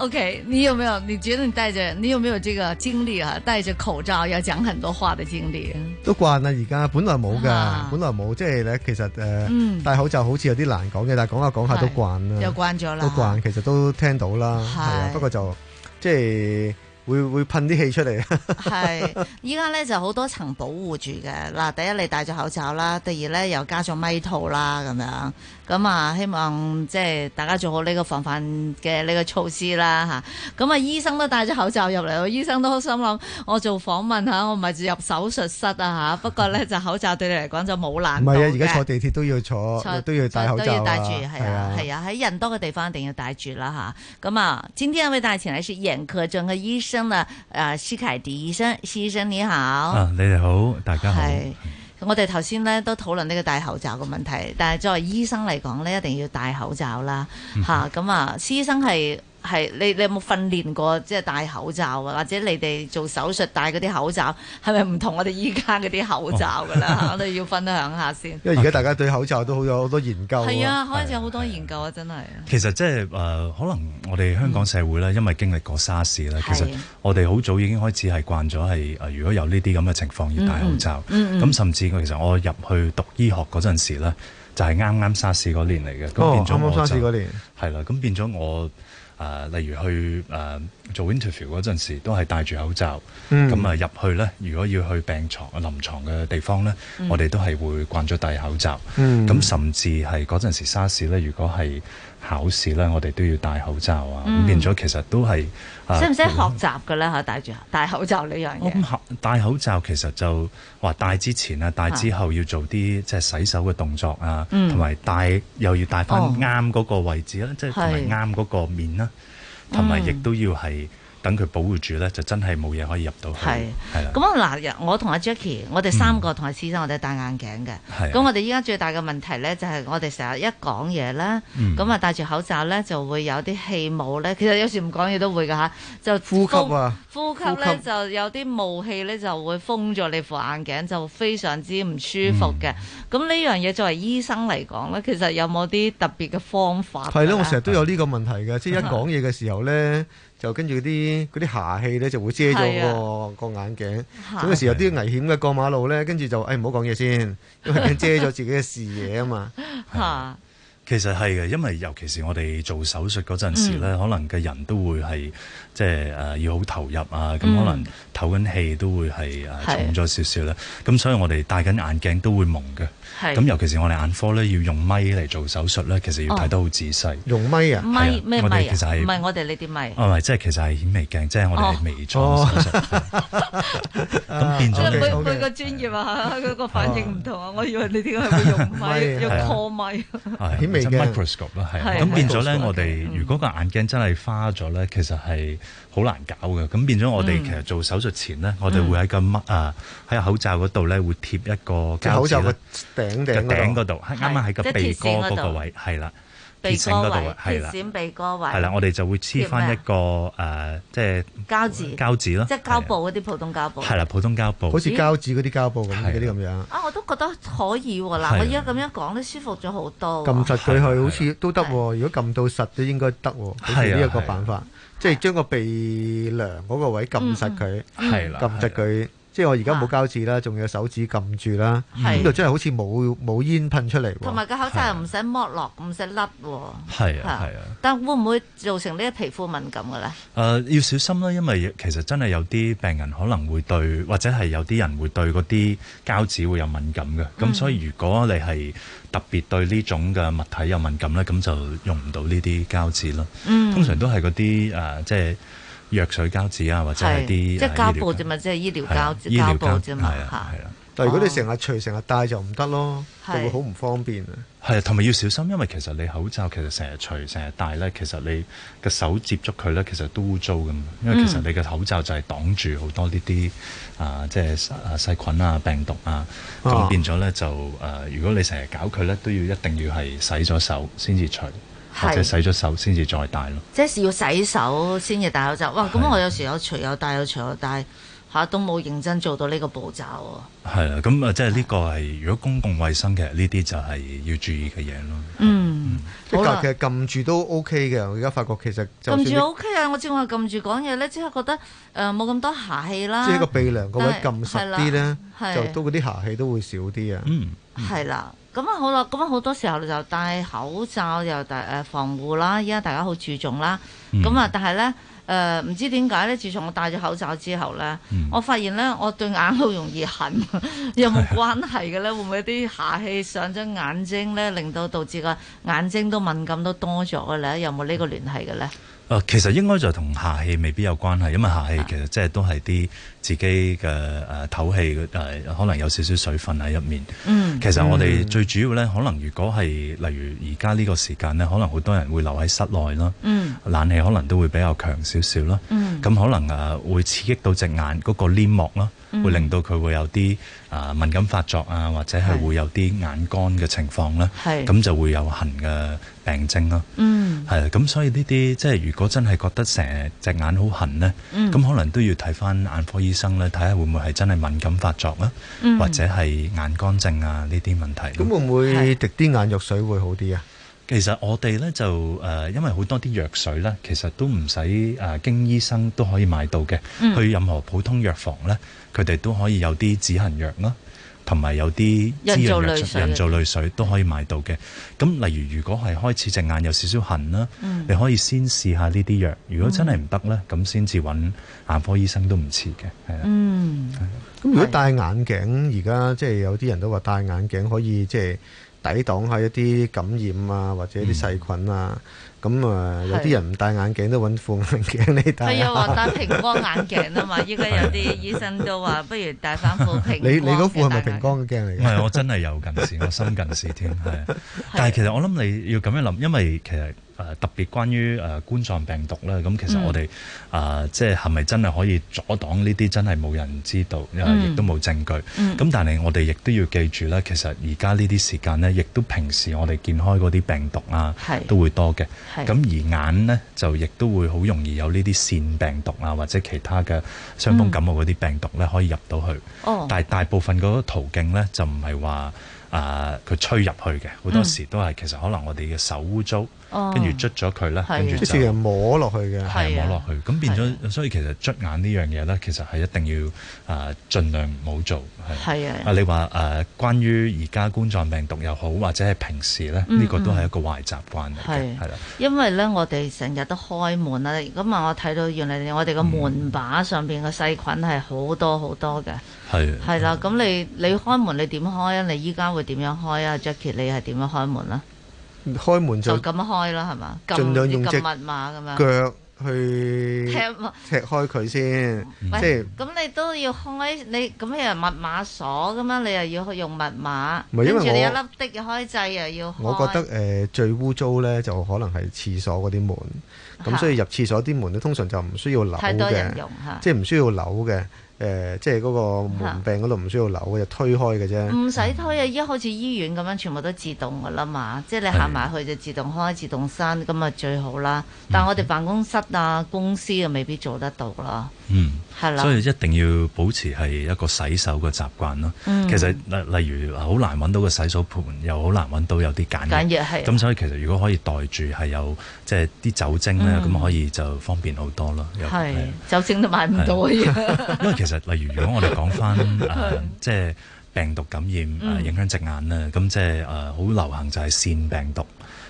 O、okay, K，你有沒有？你覺得你戴着，你有沒有這個經歷啊？戴着口罩要講很多話的經歷、啊，都慣啦。而家本來冇㗎，本來冇、啊，即係咧，其實誒，呃嗯、戴口罩好似有啲難講嘅，但係講下講下都慣啦，又慣咗啦，慣都慣，其實都聽到啦，係是啊，不過就即係。會會噴啲氣出嚟啊！係依家咧就好多層保護住嘅嗱，第一你戴咗口罩啦，第二咧又加咗咪套啦，咁樣咁啊，希望即係大家做好呢個防範嘅呢個措施啦吓。咁啊，醫生都戴咗口罩入嚟，醫生都好心諗我做訪問吓，我唔係入手術室啊吓。不過咧就口罩對你嚟講就冇難度嘅。唔係啊，而家坐地鐵都要坐，坐都要戴口罩。都要戴住係啊係啊，喺、啊啊啊、人多嘅地方一定要戴住啦吓。咁啊，今天有位大前輩是眼科專科嘅醫生生啊，誒，施凱迪醫生，施醫生你好。啊，你哋好，大家好。係，我哋頭先咧都討論呢個戴口罩嘅問題，但係作為醫生嚟講咧，一定要戴口罩啦。吓， 咁啊，施醫生係。係你你有冇訓練過即係戴口罩啊？或者你哋做手術戴嗰啲口罩係咪唔同我哋依家嗰啲口罩噶啦？哦、我哋要分享下先。 因為而家大家對口罩都好有好多研究、啊。係啊，開始有好多研究啊，真係、啊。其實即係誒，可能我哋香港社會咧，因為經歷過沙士咧，其實我哋好早已經開始係慣咗係誒，如果有呢啲咁嘅情況要戴口罩。咁、嗯嗯、甚至其實我入去讀醫學嗰陣時咧，就係啱啱沙士嗰年嚟嘅。變哦，啱啱沙士嗰年。係啦，咁變咗我。啊，uh, 例如去啊。Um 做 interview 嗰陣時都係戴住口罩，咁啊入去呢，如果要去病床啊臨床嘅地方呢，我哋都係會慣咗戴口罩。咁甚至係嗰陣時 s a r 如果係考試呢，我哋都要戴口罩啊。咁變咗其實都係使唔使學習㗎呢？嚇，戴住戴口罩呢樣嘢。戴口罩其實就話戴之前啊，戴之後要做啲即係洗手嘅動作啊，同埋戴又要戴翻啱嗰個位置啦，即係同埋啱嗰個面啦。同埋，亦都要係。等佢保護住咧，就真係冇嘢可以入到去。係是，係啦的。咁啊嗱，我同阿 Jackie，我哋三個同阿施生，嗯、我哋戴眼鏡嘅。咁的我哋依家最大嘅問題咧，就係我哋成日一講嘢咧，咁啊戴住口罩咧就會有啲氣霧咧。其實有時唔講嘢都會㗎嚇，就呼吸，呼吸啊，呼吸咧就有啲霧氣咧就會封住你副眼鏡，就非常之唔舒服嘅。咁呢、嗯、樣嘢作為醫生嚟講咧，其實有冇啲特別嘅方法？係咯、嗯，我成日都有呢個問題嘅，即係一講嘢嘅時候咧。就跟住啲嗰啲霞氣咧，就會遮咗個個眼鏡。咁、啊、有時有啲危險嘅過馬路咧，跟住就誒唔好講嘢先，因為遮咗自己嘅視野啊嘛。 其實係嘅，因為尤其是我哋做手術嗰陣時咧，可能嘅人都會係即係誒要好投入啊，咁可能唞緊氣都會係誒重咗少少咧。咁所以我哋戴緊眼鏡都會矇嘅。咁尤其是我哋眼科咧要用咪嚟做手術咧，其實要睇得好仔細。用咪啊？咪？咩咪啊？唔係我哋呢啲咪？唔係，即係其實係顯微鏡，即係我哋微創手術。咁變咗佢佢個專業啊，佢個反應唔同啊，我以為你點解會用咪用擴咪。microscope 啦，係咁的的變咗咧。我哋如果個眼鏡真係花咗咧，嗯、其實係好難搞嘅。咁變咗我哋其實做手術前咧，嗯、我哋會喺個乜啊？喺、呃、口罩嗰度咧會貼一個膠紙，口罩頂頂個頂頂嗰度，啱啱喺個鼻哥嗰個位，係啦。鼻樑嗰度啊，係啦，鼻樑位，係啦，我哋就會黐翻一個誒，即係膠紙，膠紙咯，即係膠布嗰啲普通膠布，係啦，普通膠布，好似膠紙嗰啲膠布咁啲咁樣。啊，我都覺得可以喎，嗱，我依家咁樣講都舒服咗好多。撳實佢係好似都得喎，如果撳到實都應該得喎，好似呢一個辦法，即係將個鼻樑嗰個位撳實佢，係啦，撳實佢。即係我而家冇膠紙啦，仲有手指撳住啦，咁就真係好似冇冇煙噴出嚟。同埋個口罩又唔使剝落，唔使甩。係啊，係啊。但會唔會造成呢啲皮膚敏感嘅咧？誒，要小心啦，因為其實真係有啲病人可能會對，或者係有啲人會對嗰啲膠紙會有敏感嘅。咁所以如果你係特別對呢種嘅物體有敏感咧，咁就用唔到呢啲膠紙囉。嗯，通常都係嗰啲誒，即係。藥水膠紙啊，或者一啲即係、啊、膠布啫嘛，即係醫療膠膠布啫嘛嚇。啊、但係如果你成日除成日戴就唔得咯，係會好唔方便。係啊，同埋要小心，因為其實你口罩其實成日除成日戴咧，其實你嘅手接觸佢咧，其實都污糟嘅嘛。因為其實你嘅口罩就係擋住好多呢啲啊，即係細菌啊、病毒啊，咁、啊、變咗咧就誒、呃，如果你成日搞佢咧，都要一定要係洗咗手先至除。是或者洗咗手先至再戴咯，即係要洗手先至戴口罩。哇！咁我有時有除有戴有除有戴嚇，都冇認真做到呢個步驟。係啊，咁啊，即係呢個係如果公共衛生嘅，呢啲就係要注意嘅嘢咯。嗯，嗯好啦，其實撳住都 OK 嘅。我而家發覺其實撳住 OK 啊！我知我係撳住講嘢咧，即係覺得誒冇咁多瑕氣啦。即係個鼻梁嗰位撳是實啲咧，就都嗰啲瑕氣都會少啲啊。嗯。係、嗯、啦，咁啊好啦，咁啊好多時候就戴口罩又戴誒、呃、防護啦，依家大家好注重啦，咁啊、嗯、但係咧誒唔知點解咧？自從我戴咗口罩之後咧，嗯、我發現咧我對眼好容易痕， 有冇關係嘅咧？ 會唔會啲下氣上咗眼睛咧，令到導致個眼睛都敏感都多咗嘅咧？有冇呢個聯繫聯繫嘅咧？誒，其實應該就同夏氣未必有關係，因為夏氣其實即係都係啲自己嘅誒透氣，誒、呃呃、可能有少少水分喺入面。嗯，其實我哋最主要咧，可能如果係例如而家呢個時間咧，可能好多人會留喺室內啦。嗯，冷氣可能都會比較強少少啦。嗯，咁可能誒、呃、會刺激到隻眼嗰個黏膜啦，會令到佢會有啲啊，敏感發作啊，或者係會有啲眼乾嘅情況咧，咁就會有痕嘅病症咯。嗯，係咁，所以呢啲即係如果真係覺得成隻眼好痕咧，咁可能都要睇返眼科醫生咧，睇下會唔會係真係敏感發作啦，或者係眼乾症啊呢啲問題。咁會唔會滴啲眼藥水會好啲啊？其實我哋咧就誒、呃，因為好多啲藥水咧，其實都唔使誒經醫生都可以買到嘅。嗯、去任何普通藥房咧，佢哋都可以有啲止痕藥啦，同埋有啲人造淚水，人造淚水都可以買到嘅。咁例、嗯、如，如果係開始隻眼有少少痕啦，嗯、你可以先試下呢啲藥。如果真係唔得咧，咁先至揾眼科醫生都唔遲嘅。係啦。嗯。咁、嗯、不如果戴眼鏡，而家即係有啲人都話戴眼鏡可以即係。抵擋下一啲感染啊，或者一啲細菌啊，咁啊、呃、是有啲人唔戴眼鏡都揾副眼鏡嚟戴。係啊，戴平光眼鏡啊嘛，依家有啲醫生都話，不如戴翻副平。 你你嗰副係咪平光嘅鏡嚟嘅？係我真係有近視，我深近視添。係，是但係其實我諗你要咁樣諗，因為其實。誒特別關於誒冠狀病毒咧，咁、嗯、其實我哋啊，即係係咪真係可以阻擋呢啲真係冇人知道，亦都冇證據。咁、嗯、但係我哋亦都要記住咧，其實而家呢啲時間咧，亦都平時我哋見開嗰啲病毒啊，是都會多嘅。咁是而眼呢，就亦都會好容易有呢啲腺病毒啊或者其他嘅傷風感冒嗰啲病毒咧、啊嗯、可以入到去。哦、但係大部分嗰個途徑咧就唔係話啊佢吹入去嘅，好多時都係其實可能我哋嘅手污糟。跟住捽咗佢啦，跟住對就摸落去嘅，係摸落去，咁變咗，的所以其實捽眼呢樣嘢咧，其實係一定要、、呃、儘量的啊，儘量唔好做。係啊，啊你話誒，關於而家冠狀病毒又好，或者係平時咧，呢個都係一個壞習慣嚟嘅，係啦、嗯。嗯、的因為咧，我哋成日都開門啊，咁啊，我睇到原來我哋個門把上邊個細菌係好多好多嘅，係係啦。咁你你開門你點開啊？你依家會點樣開啊？Jackie，你係點樣開門啊？開門就咁開啦，係嘛？儘量用隻腳去踢踢開佢先，即係。咁你都要開，你咁樣密碼鎖咁啊？你又要用密碼，跟住一粒的開掣又要。我覺得誒最污糟咧，就可能係廁所嗰啲門，咁所以入廁所啲門咧，通常就唔需要扭嘅，即係唔需要扭嘅。誒、呃，即係嗰個門柄嗰度唔需要扭，就、嗯、推開嘅啫。唔使推啊！而家好似醫院咁樣全部都自動㗎啦嘛，即係你行埋去就自動開、的自動閂，咁啊最好啦。但係我哋辦公室啊，公司啊，未必做得到啦。嗯。所以一定要保持係一個洗手嘅習慣咯。其實例、嗯、例如好難揾到個洗手盤，又好難揾到有啲簡簡易係。咁所以其實如果可以袋住係有即係啲酒精咧，咁、嗯、可以就方便好多咯。係的酒精都買唔到嘅。 因為其實例如如果我哋講翻即係病毒感染、呃、影響隻眼咧，咁即係誒好流行就係腺病毒。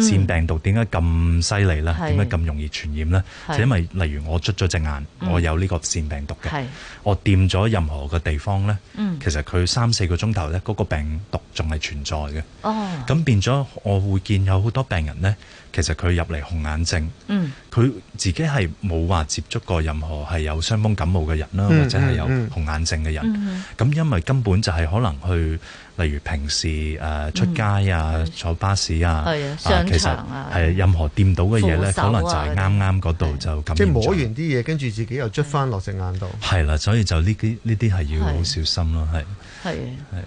腺、嗯、病毒點解咁犀利呢？點解咁容易傳染呢？即是因為例如我捽咗隻眼，嗯、我有呢個腺病毒嘅，是我掂咗任何嘅地方呢，嗯、其實佢三四個鐘頭呢，嗰個病毒仲係存在嘅。哦，咁變咗，我會見有好多病人呢。其實佢入嚟紅眼症，佢自己係冇話接觸過任何係有傷風感冒嘅人啦，或者係有紅眼症嘅人。咁因為根本就係可能去，例如平時誒出街啊、坐巴士啊，其實係任何掂到嘅嘢呢，可能就係啱啱嗰度就感染。即係摸完啲嘢，跟住自己又捽返落隻眼度。係啦，所以就呢啲呢啲係要好小心咯，係。係。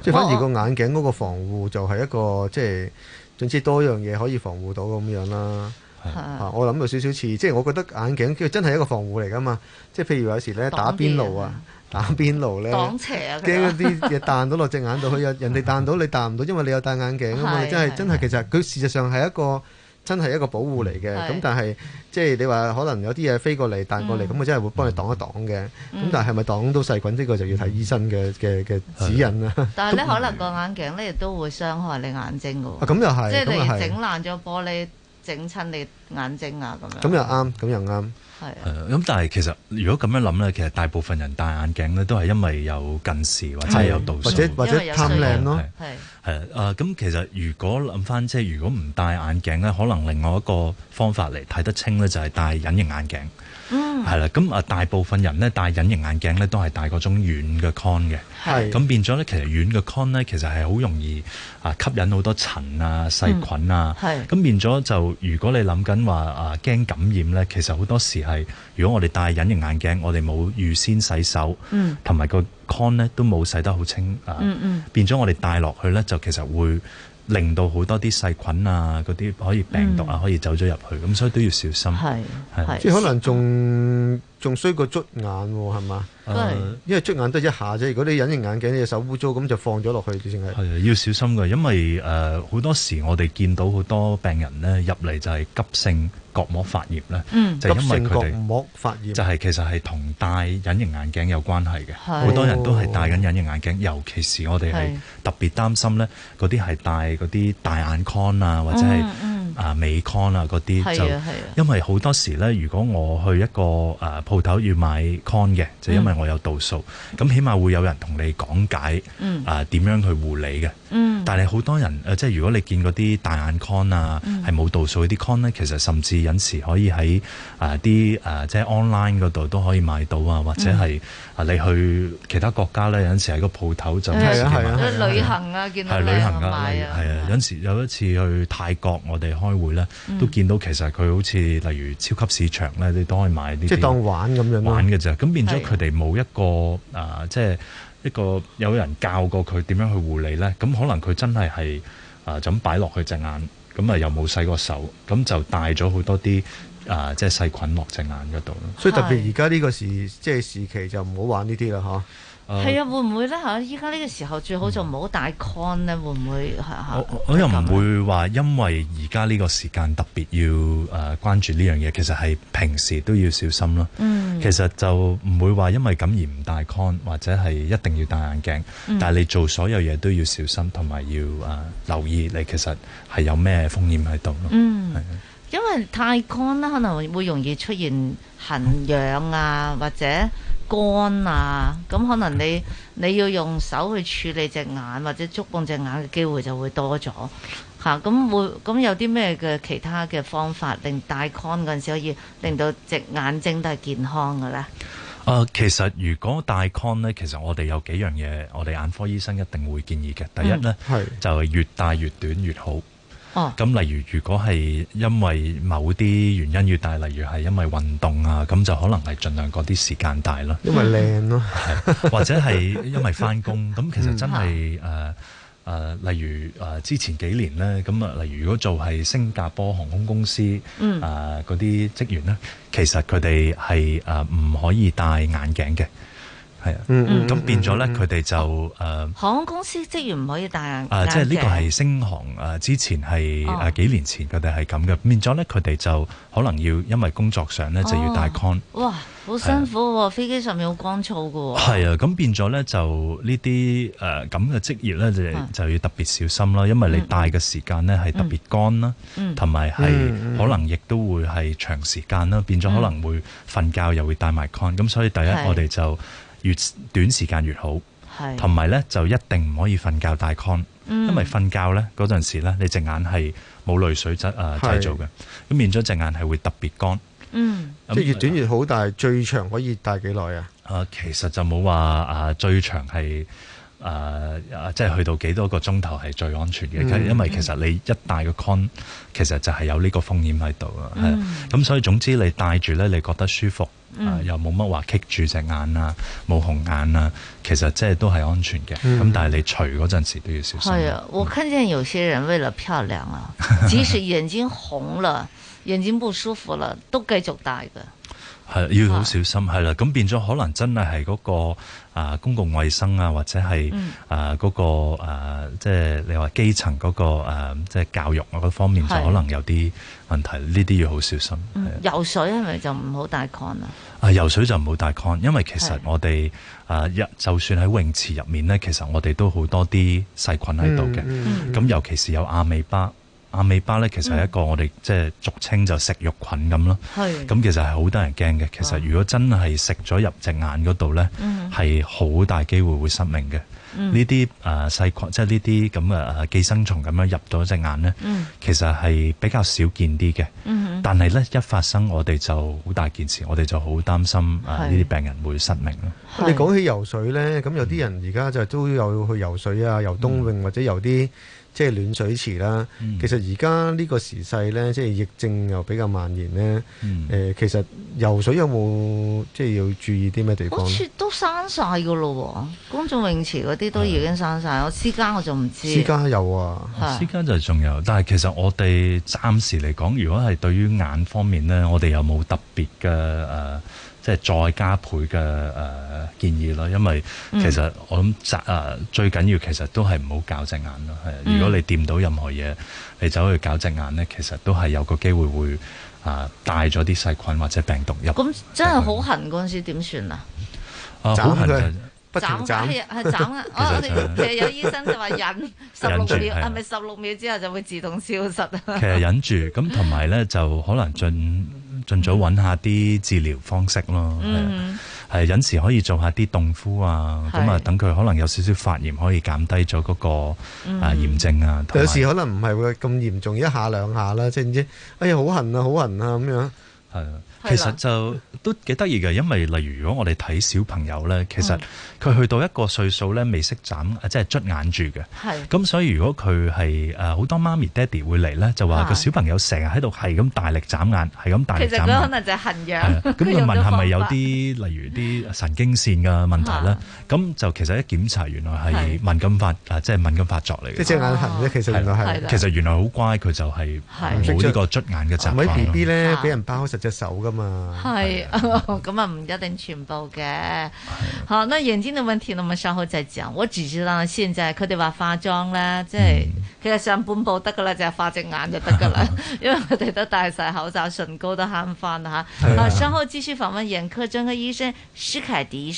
即係反而個眼鏡嗰個防護就係一個即係。總之，多樣嘢可以防護到咁樣啦，的啊，我諗到少少似，即係我覺得眼鏡佢真係一個防護嚟噶嘛，即係譬如有時咧打邊爐啊，打邊爐咧，驚啲嘢彈到落隻眼度，佢有 人哋彈到，你彈唔到，因為你有戴眼鏡啊嘛，的真係真係的其實佢事實上係一個。真係一個保護嚟嘅，咁、嗯、但係即係你話可能有啲嘢飛過嚟彈過嚟，咁我真係會幫你擋一擋嘅。咁、嗯、但係係咪擋到細菌呢？呢個就要睇醫生嘅嘅嘅指引啦、嗯。但係咧，可能個眼鏡咧亦都會傷害你眼睛嘅喎。咁又係，即係你整爛咗玻璃。整親你眼睛啊咁樣，咁又啱，咁又啱，係啊。咁、呃、但係其實如果咁樣諗咧，其實大部分人戴眼鏡咧都係因為有近視或者係有度數，或者有、嗯、或者貪靚咯。係係啊。咁其實如果諗翻即係，如果唔戴眼鏡咧，可能另外一個方法嚟睇得清咧，就係戴隱形眼鏡。嗯，係啦，咁啊，大部分人咧戴隱形眼鏡咧都係戴嗰種軟嘅 con 嘅，係咁是變咗咧。其實軟嘅 con 咧，其實係好容易啊，吸引好多塵啊、細菌啊，係咁、嗯、變咗就。如果你諗緊話啊，驚感染咧，其實好多時係如果我哋戴隱形眼鏡，我哋冇預先洗手，嗯，同埋個 con 咧都冇洗得好清啊、呃嗯，嗯嗯，變咗我哋戴落去咧，就其實會。令到好多啲細菌啊，嗰啲可以病毒啊，可以走咗入去，咁、嗯、所以都要小心。係係，即係可能仲仲衰過捽眼喎，係嘛？呃、因為捽眼都一下啫，如果你隱形眼鏡你隻手污糟，咁就放咗落去，啲剩要小心㗎，因為誒好、呃、多時我哋見到好多病人咧入嚟就係急性。角膜發炎咧，嗯、就係因為佢哋，膜發炎就係其實係同戴隱形眼鏡有關係嘅，好、哦、多人都係戴緊隱形眼鏡，尤其是我哋係特別擔心咧，嗰啲係戴嗰啲大眼框啊，或者係。嗯嗯啊美 con 啊嗰啲就因為好多時咧，如果我去一個誒鋪、呃、頭要買 con 嘅，就因為我有度數，咁、嗯、起碼會有人同你講解，啊點樣去護理嘅、嗯。 但係好多人誒、呃，即係如果你見嗰啲大眼 con 啊，係冇度數啲 con 咧，其實甚至有陣時可以喺誒啲誒即係 online 度都可以買到啊，或者係啊你去其他國家咧，有陣時喺個鋪頭就係、嗯嗯嗯、啊啊旅行、呃、啊見到人買啊係啊有陣時有一次去泰國我哋開會咧，嗯、都見到其實佢好似例如超級市場咧，你都可以買啲即係當玩咁樣玩嘅咋。咁的變咗佢哋冇一個啊、呃，即係一個有人教過佢點樣去護理咧。咁可能佢真係係啊，咁擺落佢隻眼，咁啊又冇洗過手，咁就帶咗好多啲啊、呃，即係細菌落隻眼嗰度咯。的所以特別而家呢個時即係時期就唔好玩呢啲啦，嚇。係、uh, 啊，會唔會咧嚇？依家呢個時候最好就唔好戴 con 咧，會唔會嚇？我，我又唔會話因為而家呢個時間特別要誒關注呢樣嘢，其實係平時都要小心咯。嗯，其實就唔會話因為咁而唔戴 con，或者係一定要戴眼鏡。嗯、但係你做所有嘢都要小心，同埋要誒、呃、留意你其實係有咩風險喺度咯。嗯，係因為戴 con 咧可能會容易出現痕癢啊，嗯、或者。乾啊，咁可能你你要用手去處理隻眼或者觸碰隻眼嘅機會就會多咗嚇，咁、啊、會咁有啲咩嘅其他嘅方法令戴 con 嗰陣時可以令到隻眼睛都係健康嘅咧？誒、呃，其實如果戴 con 咧，其實我哋有幾樣嘢，我哋眼科醫生一定會建議嘅。第一咧，係、嗯、就係越戴越短越好。哦，咁例如如果係因為某啲原因要戴，例如係因為運動啊，咁就可能係盡量嗰啲時間戴咯。因為靚咯，或者係因為返工，咁其實真係誒誒，例如誒之前幾年咧，咁啊，例如如果做係新加坡航空公司，嗯啊嗰啲職員咧，其實佢哋係誒唔可以戴眼鏡嘅。係，咁變咗咧，佢哋就誒，航空公司職員唔可以戴眼鏡啊，即係呢個係星航誒之前係誒幾年前佢哋係咁嘅，變咗咧，佢哋就可能要因為工作上咧就要戴 con。哇，好辛苦喎！飛機上面好乾燥嘅喎。係啊，咁變咗咧，就呢啲誒咁嘅職業咧就就要特別小心啦，因為你戴嘅時間咧係特別乾啦，同埋係可能亦都會係長時間啦，變咗可能會瞓覺又會戴埋 con，咁所以第一我哋就。越短時間越好，同埋咧就一定唔可以瞓覺戴 con，因為瞓覺咧嗰陣時咧，你隻眼係冇淚水質啊製造嘅，咁變咗隻眼係會特別乾。嗯，即越短越好，但係最長可以戴幾耐啊？啊，其實就冇話啊，最長係啊啊，即係去到幾多個鐘頭係最安全嘅，因為其實你一戴個 con，其實就係有呢個風險喺度啊。咁所以總之你戴住咧，你覺得舒服。啊、又冇乜話棘住隻眼啦、啊，冇紅眼啦、啊，其實即係都係安全嘅。咁、嗯、但係你除嗰陣時都要小心。係啊， 嗯、我看見有些人為了漂亮啊，即使眼睛紅了、 眼睛不舒服了，都繼續戴㗎。係要好小心，係啦、啊，咁變咗可能真係係嗰個啊、呃、公共衛生啊，或者係啊嗰個即係你話基層嗰、嗰個、呃、即係教育嗰方面就可能有啲問題，呢啲的要好小心。嗯、游水係咪就唔好戴 con 啊？啊，游水就唔好戴 con，因為其實我哋啊一就算喺泳池入面呢，其實我哋都好多啲細菌喺度嘅。咁、嗯嗯、尤其是有亞美巴。阿米巴咧，其實係一個我哋即係俗稱就食肉菌咁咯。係，咁其實係好得人驚嘅。其實如果真係食咗入隻眼嗰度咧，係好大機會會失明嘅。呢啲誒細菌，即係呢啲咁嘅寄生蟲咁樣入咗隻眼咧，其實係比較少見啲嘅。但係咧一發生，我哋就好大件事，我哋就好擔心誒呢啲病人會失明咯。你講起游水咧，咁有啲人而家就都有去游水啊，游冬泳或者游啲。即係暖水池啦，其實而家呢個時勢呢，即係疫症又比較蔓延呢。誒、嗯呃，其實游水有冇即係要注意啲咩地方咧？好似都閂晒㗎喇喎，公眾泳池嗰啲都已經閂晒。我私家我就唔知。私家有啊，吧私家就仲有。但係其實我哋暫時嚟講，如果係對於眼方面呢，我哋有冇特別嘅誒？呃即係再加倍嘅誒、呃、建議咯，因為其實我諗誒最緊要其實都係唔好搞隻眼咯。係，嗯、如果你掂到任何嘢，你走去搞隻眼咧，其實都係有個機會會誒、呃、帶咗啲細菌或者病毒入。咁、嗯、真係好痕嗰陣時點算啊？好痕去就斬加日係斬啊！我哋 其實有醫生就話忍十六秒，係咪十六秒之後就會自動消失？其實忍住咁，同埋咧就可能進。盡早揾下啲治療方式咯，係、嗯，係有時可以做下啲凍敷啊，咁啊係，等佢可能有少少發炎，可以減低咗嗰、嗰個、嗯、啊炎症啊。有，有時可能唔係會咁嚴重，一下兩下啦，即係唔知，知哎呀好痕啊，好痕啊咁樣。係啊。其實就都幾得意嘅，因為例如如果我哋睇小朋友咧，其實佢去到一個歲數咧，未識眨，即係捽眼住嘅。係。咁所以如果佢係誒好多媽咪爹哋會嚟咧，就話個小朋友成日喺度係咁大力眨眼，係咁大力眨眼。其實佢可能就痕癢。係。咁佢問係咪有啲例如啲神經線嘅問題咧？咁就其實一檢查原來係敏感發，誒即係敏感發作嚟嘅。即隻眼痕啫，其實原來係。其實原來好乖，佢就係冇呢個捽眼嘅習慣。啲 B B 咧俾人包實隻手。嘛是啊，係、哦，咁啊唔一定全部嘅。啊、好，那眼睛嘅問題，我們稍後再講。我只知道現在佢哋話化妝咧，即係、嗯、其實上半部得噶啦，就係化隻眼就得噶啦， 因為佢哋都戴晒口罩，唇膏都慳翻啦吓。好、啊啊，稍後繼續訪問眼科專科醫生施凱迪。